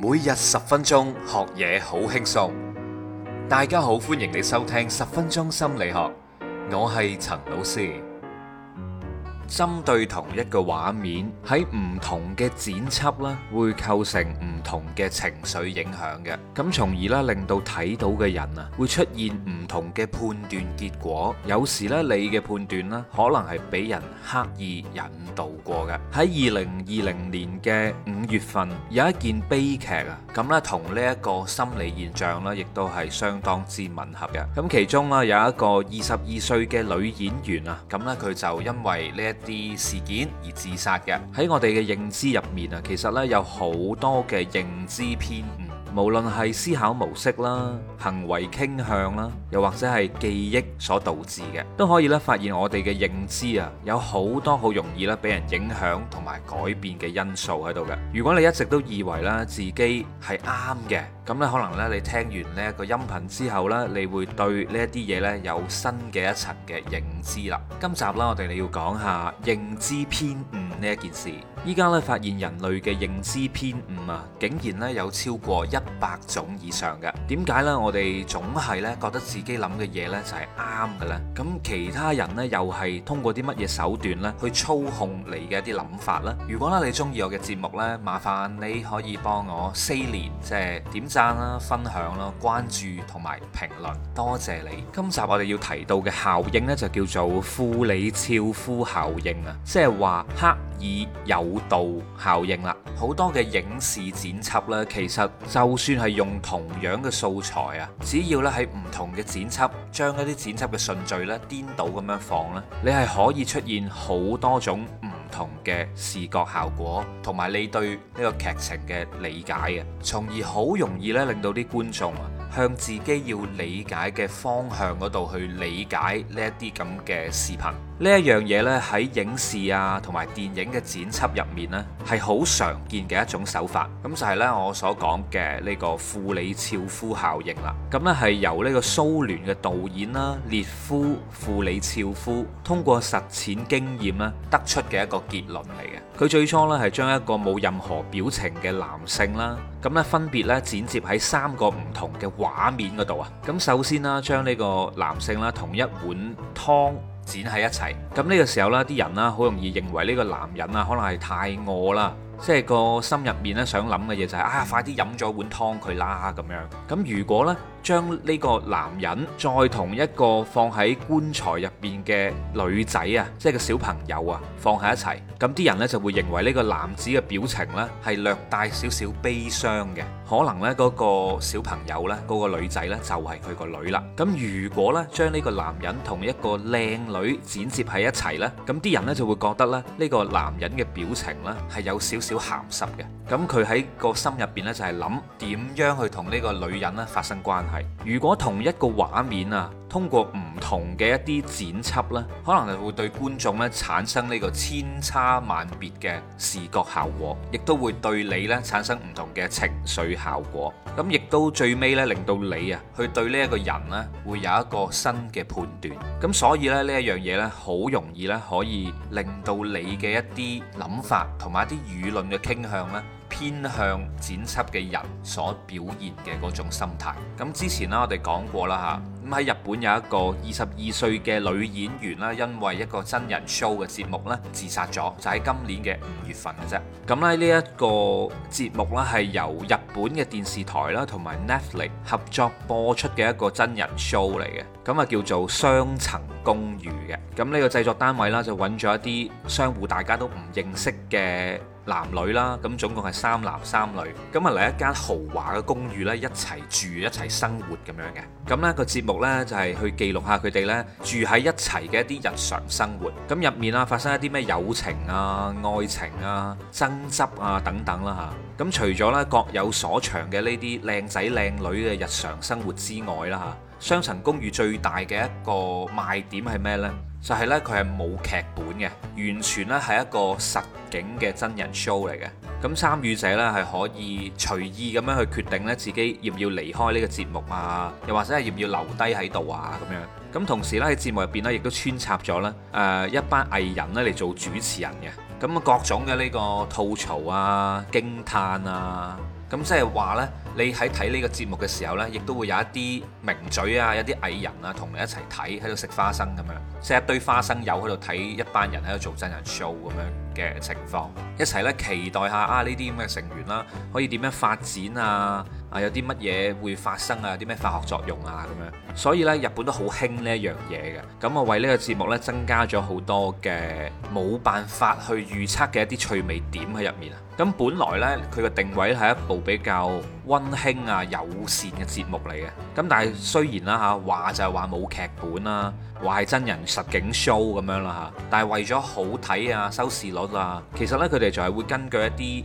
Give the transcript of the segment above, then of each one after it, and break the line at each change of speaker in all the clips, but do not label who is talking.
每日十分鐘學嘢好輕鬆，大家好，歡迎你收聽十分鐘心理學，我係陳老師。針對同一個畫面喺唔同嘅剪輯呢，會構成唔同嘅情緒影響嘅，咁從而呢令到睇到嘅人啊，會出現唔同嘅判斷結果。有時呢，你嘅判斷呢，可能係俾人刻意引導過嘅。喺二零二零年嘅五月份，有一件悲劇啊，咁呢同呢一個心理現象呢亦都係相當之吻合嘅。咁其中呢有一個二十二歲嘅女演員啊，咁呢佢就因為呢一啲事件而自殺嘅。喺我哋嘅認知入面啊，其實呢有好多嘅認知偏誤，無論係思考模式啦、行為傾向啦，又或者係記憶所導致嘅，都可以咧發現我哋嘅認知啊有好多好容易咧俾人影響同埋改變嘅因素喺度嘅。如果你一直都以為啦自己係啱嘅，咁咧，可能咧，你聽完呢一個音頻之後咧，你會對呢一啲嘢咧，有新嘅一層嘅認知啦。今集啦，我哋你要講下認知偏誤呢一件事。依家咧，發現人類嘅認知偏誤啊，竟然咧有超過一百種以上嘅。點解咧？我哋總係咧覺得自己諗嘅嘢咧就係啱嘅咧。咁其他人咧又係通過啲乜嘢手段咧去操控你嘅一啲諗法咧？如果咧你中意我嘅節目咧，麻煩你可以幫我撕裂即係點？就是啦，分享啦，關注同埋評論，多謝你。今集我哋要提到嘅效應呢，就叫做庫里肖夫效應啊，即係話刻意有道效應啦。好多嘅影視剪輯呢，其實就算係用同樣嘅素材啊，只要咧喺唔同嘅剪輯，將一啲剪輯嘅順序咧顛倒咁樣放咧，你係可以出現好多種。同嘅視覺效果，同埋你對呢個劇情嘅理解嘅，從而好容易咧令到啲觀眾啊，向自己要理解嘅方向嗰度去理解呢一啲咁嘅視頻。呢一樣嘢呢，喺影視啊同埋電影嘅剪輯入面呢，係好常見嘅一種手法。咁就係呢，我所講嘅呢個庫里肖夫效應啦。咁呢係由呢個蘇聯嘅導演啦，列夫庫里肖夫通過實踐經驗呢得出嘅一個結論嚟嘅。佢最初呢係將一個冇任何表情嘅男性啦，咁呢分別呢剪接喺三個唔同嘅畫面嗰度啊。咁首先啦，將呢個男性啦同一碗湯。剪喺一齊，咁、這、呢個時候呢啲人呢，好容易認為呢個男人啊，可能係太餓啦，即係個心入面呢、就是，想諗嘅嘢就係啊，快啲飲咗碗湯佢啦咁樣。咁如果呢將呢個男人再同一個放喺棺材入邊嘅女仔啊，即係個小朋友啊放喺一齊，咁啲人呢就會認為呢個男子嘅表情呢，係略帶少少悲傷嘅。可能呢嗰個小朋友呢，嗰個女仔呢就係佢個女啦。咁如果呢將呢個男人同一個靚女剪接喺一齊呢，咁啲人呢就會覺得呢呢個男人嘅表情呢係有少少鹹濕嘅。咁佢喺個心入邊呢就係諗點樣去同呢個女人呢發生關係。如果同一個畫面啊～通過唔同嘅一啲剪輯呢，可能就會對觀眾呢產生呢個千差萬別嘅視覺效果，亦都會對你呢產生唔同嘅情緒效果。咁亦都最尾呢，令到你啊去對呢一個人呢會有一個新嘅判斷。咁所以咧，呢一樣嘢呢，好容易呢可以令到你嘅一啲諗法同埋一啲輿論嘅傾向呢。偏向剪輯嘅人所表現嘅嗰種心態。咁之前啦，我哋講過啦吓，咁喺日本有一個二十二歲嘅女演員啦，因為一個真人 show 嘅節目呢自殺咗，就喺今年嘅五月份嘅啫。咁咧呢一個節目咧係由日本嘅電視台啦同埋 Netflix 合作播出嘅一個真人 show 嚟嘅。咁啊叫做《雙層公寓》嘅。咁呢個製作單位啦就揾咗一啲相互大家都唔認識嘅男女啦，咁總共係三男三女，咁啊嚟一間豪華嘅公寓呢，一齊住一齊生活咁樣嘅，咁呢個節目呢就係去記錄下佢哋呢住喺一齊嘅一啲日常生活，咁入面啊發生一啲咩友情啊、愛情啊、爭執啊等等啦吓，咁除咗呢各有所長嘅呢啲靚仔靚女嘅日常生活之外啦吓，雙層公寓最大嘅一個賣點係咩呢？就係呢，佢係冇劇本嘅，完全呢係一個實景嘅真人 show 嚟嘅。咁參與者呢係可以隨意咁樣去決定呢，自己要唔要離開呢個節目啊，又或者係要唔要留低喺度啊咁樣。咁同時呢，喺節目入邊呢亦都穿插咗呢誒一班藝人呢嚟做主持人嘅。咁啊各種嘅呢個吐槽啊、驚歎啊，咁即係話呢。你喺睇呢個節目嘅時候呢，亦都會有一啲名嘴啊，一啲藝人啊，同你一齊睇喺度食花生咁樣，即係一堆花生友喺度睇一班人喺度做真人 show 咁樣嘅情況，一齊呢，期待下啊呢啲咁嘅成員啦、啊，可以點樣發展啊？啊有啲乜嘢會發生啊？有啲咩化學作用啊？咁樣，所以呢，日本都好興呢一樣嘢嘅，咁我為呢個節目呢，增加咗好多嘅冇辦法去預測嘅一啲趣味點喺入面啊！咁本來咧，佢個定位係一部比較溫馨啊友善嘅節目嚟嘅。咁但係雖然啦、啊、吓話就係話冇劇本啦、啊，話係真人實景 show 咁樣啦、啊、吓，但係為咗好睇啊收視率啊，其實咧佢哋就係會根據一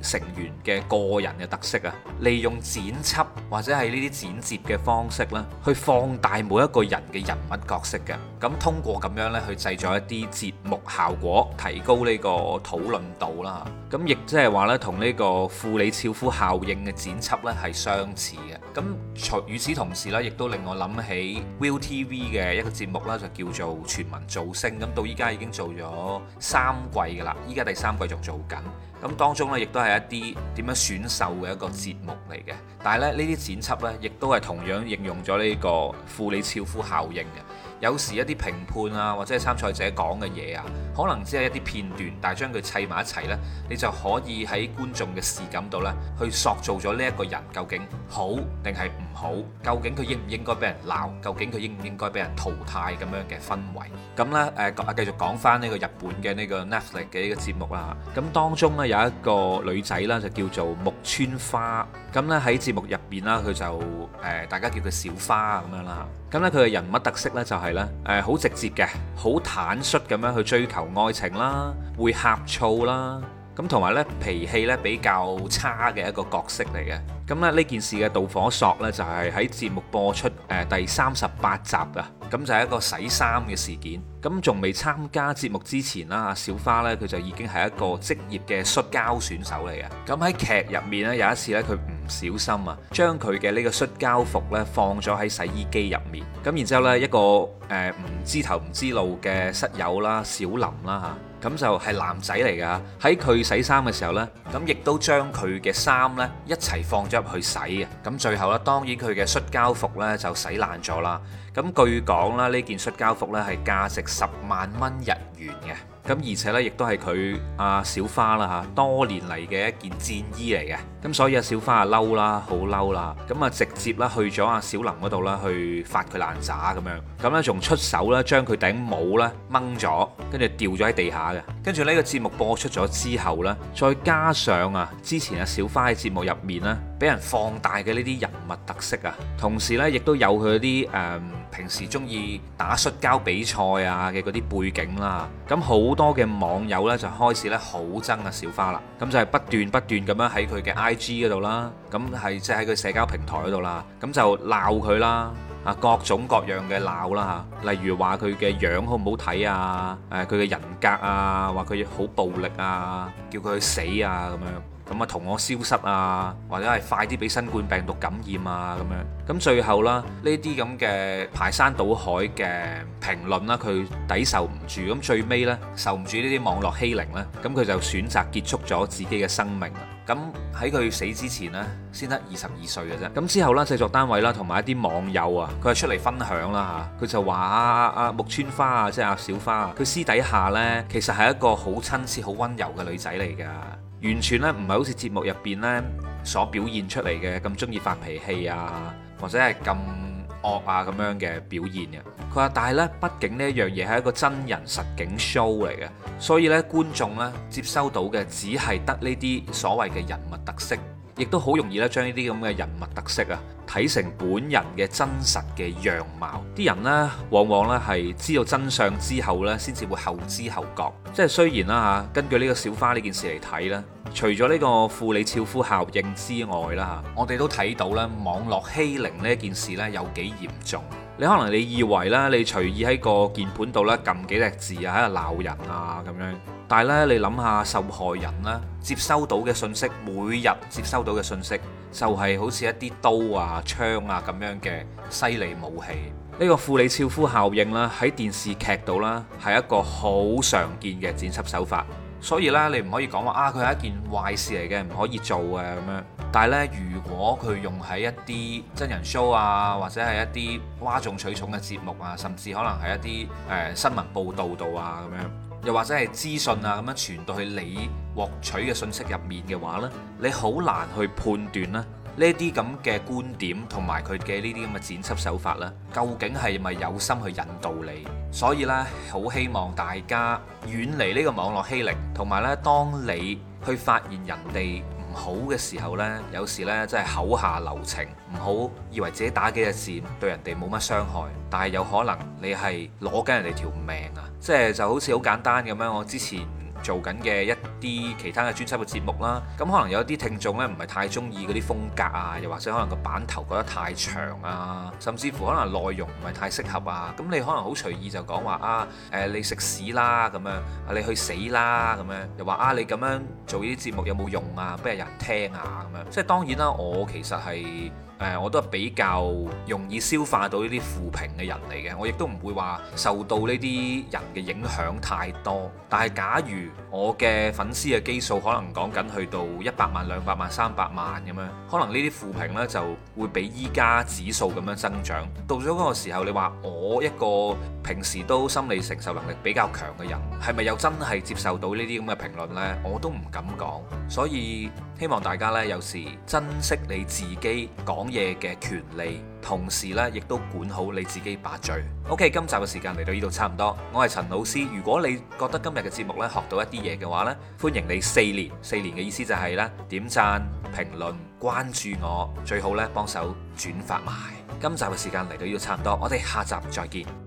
啲成員嘅個人嘅特色啊，利用剪輯或者係呢啲剪接嘅方式咧、啊，去放大每一個人嘅人物角色嘅。咁、嗯、通過咁樣咧去製作一啲節目效果，提高呢個討論度啦、啊。咁亦即係話咧。同呢個庫里肖夫效應嘅剪輯咧係相似嘅，咁與此同時呢亦都令我諗起 ViuTV 嘅一個節目咧，就叫做《全民造星》，咁到依家已經做咗三季噶啦，依家第三季仲做緊。咁當中咧，亦都係一啲點樣選秀嘅一個節目嚟嘅。但係咧，呢啲剪輯咧，亦都係同樣應用咗呢個庫里肖夫效應嘅。有時一啲評判啊，或者係參賽者講嘅嘢啊，可能只係一啲片段，但係將佢砌埋一齊咧，你就可以喺觀眾嘅視感度咧，去塑造咗呢一個人究竟好定係唔好，究竟佢應唔應該俾人鬧，究竟佢應唔應該俾人淘汰咁樣嘅氛圍，咁咧，誒繼續講翻呢個日本嘅呢個 Netflix 嘅呢個節目啦。咁當中咧。有一個女仔啦，就叫做木村花，咁咧喺節目入邊啦，佢就誒、呃、大家叫佢小花咁樣啦，咁咧佢嘅人物特色咧就係咧誒好直接嘅，好坦率咁樣去追求愛情啦，會呷醋啦。咁同埋咧脾氣咧比較差嘅一個角色嚟嘅，咁咧呢件事嘅導火索呢，就係喺節目播出誒、呃、第三十八集啊，咁就係一個洗衫嘅事件。咁仲未參加節目之前啦，小花呢，佢就已經係一個職業嘅摔跤選手嚟嘅。咁喺劇入面呢，有一次呢，佢唔小心啊，將佢嘅呢個摔跤服呢放咗喺洗衣機入面，咁然之後呢，一個誒唔、呃、知頭唔知路嘅室友啦小林啦嚇。啊咁就係男仔嚟㗎，喺佢洗衫嘅時候呢，咁亦都將佢嘅衫呢一齊放咗入去洗嘅。咁最後呢，當然佢嘅摔跤服呢就洗爛咗啦。咁據講啦，呢件摔跤服呢係價值十萬蚊日元嘅。咁而且咧，亦都係佢阿小花啦嚇，多年嚟嘅一件戰衣嚟嘅。咁所以阿小花啊嬲啦，好嬲啦。咁啊直接啦去咗阿小林嗰度啦，去發佢爛渣咁樣。咁咧仲出手咧，將佢頂帽咧掹咗，跟住掉咗喺地下嘅。跟住呢個節目播出咗之後呢，再加上啊之前阿小花喺節目入面咧，俾人放大嘅呢啲人物特色啊，同時呢，亦都有佢啲誒平時中意打摔跤比賽啊嘅嗰啲背景啦。咁好多嘅網友呢，就開始呢好憎啊小花啦，咁就係不斷不斷咁樣喺佢嘅 IG 嗰度啦，咁係即係喺佢社交平台嗰度啦，咁就鬧佢啦，啊各種各樣嘅鬧啦嚇，例如話佢嘅樣好唔好睇啊，誒佢嘅人格啊，話佢好暴力啊，叫佢去死啊咁樣。咁啊，同我消失啊，或者係快啲俾新冠病毒感染啊，咁樣，咁最後啦，呢啲咁嘅排山倒海嘅評論啦，佢抵受唔住，咁最尾咧受唔住呢啲網絡欺凌咧，咁佢就選擇結束咗自己嘅生命。咁喺佢死之前呢，先得二十二歲嘅啫。咁之後呢，製作單位啦，同埋一啲網友啊，佢係出嚟分享啦嚇，佢就話啊啊木村花啊，即係阿小花啊，佢私底下呢，其實係一個好親切、好溫柔嘅女仔嚟㗎，完全呢，唔係好似節目入邊呢所表現出嚟嘅咁鍾意發脾氣啊，或者係咁惡啊咁樣嘅表現嘅。但係咧，畢竟呢一樣嘢係一個真人實景 show 嚟嘅，所以咧，觀眾咧接收到嘅只係得呢啲所謂嘅人物特色，亦都好容易咧將呢啲咁嘅人物特色啊睇成本人嘅真實嘅樣貌。啲人咧往往咧係知道真相之後咧，先至會後知後覺。即係雖然啦嚇，根據呢個小花呢件事嚟睇咧，除咗呢個庫里肖夫效應之外啦嚇，我哋都睇到咧網絡欺凌呢件事咧有幾嚴重。你可能你以為咧、啊，你隨意喺個鍵盤度咧撳幾隻字啊，喺度鬧人啊咁樣。但係咧，你諗下受害人啦，接收到嘅信息，每日接收到嘅信息就係、是、好似一啲刀啊、槍啊咁樣嘅犀利武器。呢、這個庫里肖夫效應啦，喺電視劇度啦係一個好常見嘅剪輯手法。所以咧，你唔可以講話啊，佢係一件壞事嚟嘅，唔可以做啊咁樣。但係咧，如果佢用喺一啲真人 show 啊，或者係一啲嘩眾取寵嘅節目啊，甚至可能係一啲誒、呃、新聞報導度啊咁樣，又或者係資訊啊咁樣傳到去你獲取嘅信息入面嘅話呢，你好難去判斷啦。呢啲咁嘅觀點同埋佢嘅呢啲咁嘅剪輯手法呢，究竟係咪有心去引導你？所以呢，好希望大家遠離呢個網絡欺凌，同埋呢，當你去發現人哋唔好嘅時候呢，有時呢，真係口下留情，唔好以為自己打幾隻字對人哋冇乜傷害，但係有可能你係攞緊人哋條命啊！即係就好似好簡單咁樣，我之前做緊嘅一啲其他嘅專輯嘅節目啦，咁可能有啲聽眾呢唔係太中意嗰啲風格啊，又或者可能個版頭覺得太長啊，甚至乎可能內容唔係太適合啊，咁你可能好隨意就講話啊，誒你食屎啦咁樣，你去死啦咁樣，又話啊你咁樣做呢啲節目有冇用啊，邊有人聽啊咁樣，即係當然啦，我其實係。誒、呃，我都係比較容易消化到呢啲負評嘅人嚟嘅，我亦都唔會話受到呢啲人嘅影響太多。但係假如我嘅粉絲嘅基數可能講緊去到一百萬、兩百萬、三百萬咁樣，可能呢啲負評呢就會比依家指數咁樣增長。到咗嗰個時候，你話我一個平時都心理承受能力比較強嘅人，係咪又真係接受到呢啲咁嘅評論呢？我都唔敢講。所以希望大家呢，有時珍惜你自己講。嘢嘅權利，同時咧亦都管好你自己把嘴。OK，今集嘅時間嚟到呢度差唔多。我係陳老師，如果你覺得今日嘅節目咧學到一啲嘢嘅話呢，歡迎你四年四年，嘅意思就係咧點讚、評論、關注我，最好咧幫手轉發埋。今集嘅時間嚟到呢度差唔多，我哋下集再見。